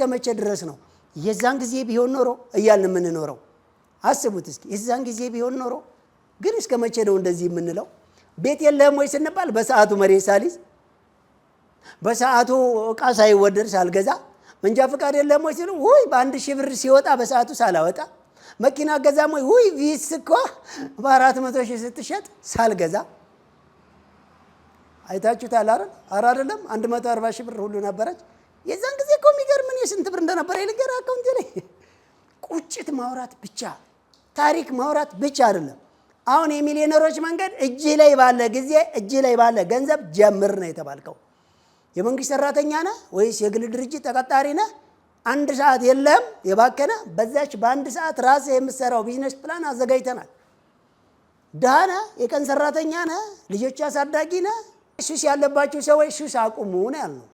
እስከ መቼ ድረስ ነው? የዛን ጊዜ ቢሆን ኖሮ እያልን የምንኖረው አስቡት እስኪ። የዛን ጊዜ ቢሆን ኖሮ ግን እስከ መቼ ነው እንደዚህ የምንለው? ቤት የለህም ወይ ስንባል በሰዓቱ መሬት ሳልይዝ፣ በሰዓቱ እቃ ሳይወደድ ሳልገዛ፣ መንጃ ፈቃድ የለህም ወይ ሲሉ ውይ በአንድ ሺህ ብር ሲወጣ በሰዓቱ ሳላወጣ፣ መኪና ገዛም ወይ ውይ ቪስ እኮ በአራት መቶ ሺህ ስትሸጥ ሳልገዛ አይታችሁታል አይደል? አረ አይደለም 140 ሺህ ብር ሁሉ ነበረች። የዛን ጊዜ እኮ የሚገርም እኔ ስንት ብር እንደነበረ የልገር አካውንቴ ላይ ቁጭት ማውራት ብቻ ታሪክ ማውራት ብቻ አይደለም። አሁን የሚሊዮነሮች መንገድ እጅ ላይ ባለ ጊዜ እጅ ላይ ባለ ገንዘብ ጀምር ነው የተባልከው። የመንግስት ሰራተኛ ነህ ወይስ የግል ድርጅት ተቀጣሪ ነህ? አንድ ሰዓት የለም የባከነ። በዛች በአንድ ሰዓት ራስ የምትሰራው ቢዝነስ ፕላን አዘጋጅተናል። ድሃ ነህ? የቀን ሰራተኛ ነህ? ልጆች አሳዳጊ ነህ? ሱስ ያለባቸው ሰዎች ሱስ አቁሙ ነው ያልነው።